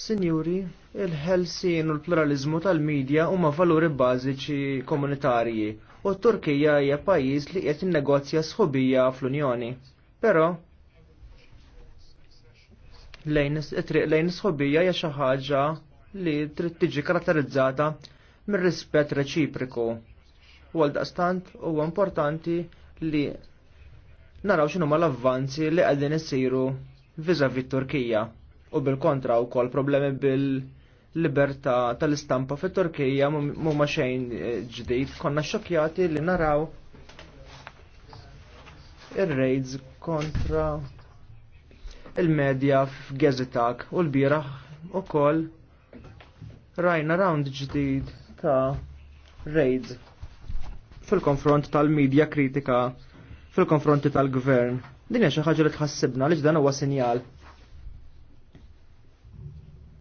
Sinjuri, il-ħelsin u l-pluralizmu tal-medja huma valuri bażiċi komunitarji u t-Turkija hija pajjiż li qed innegozja sħobija fl-Unjoni. Però lejn sħobija hija xi ħaġa li trid tiġi karatterizzata mir-rispett reċipriku. U għaldaqstant huwa importanti li naraw x'inhuma l-avvanzi li qegħdin isiru viżavi t-Turkija u bil-kontra u kol problemi bil-libertà tal-istampa fit turkija ma xejn eh, ġdid konna xokjati li naraw ir-raids kontra il-medja f'gazetak u l-biraħ u kol rajna round ġdid ta' raids fil-konfront tal-medja kritika fil-konfronti tal-gvern. Din xi ħaġa li tħassibna li dan huwa sinjal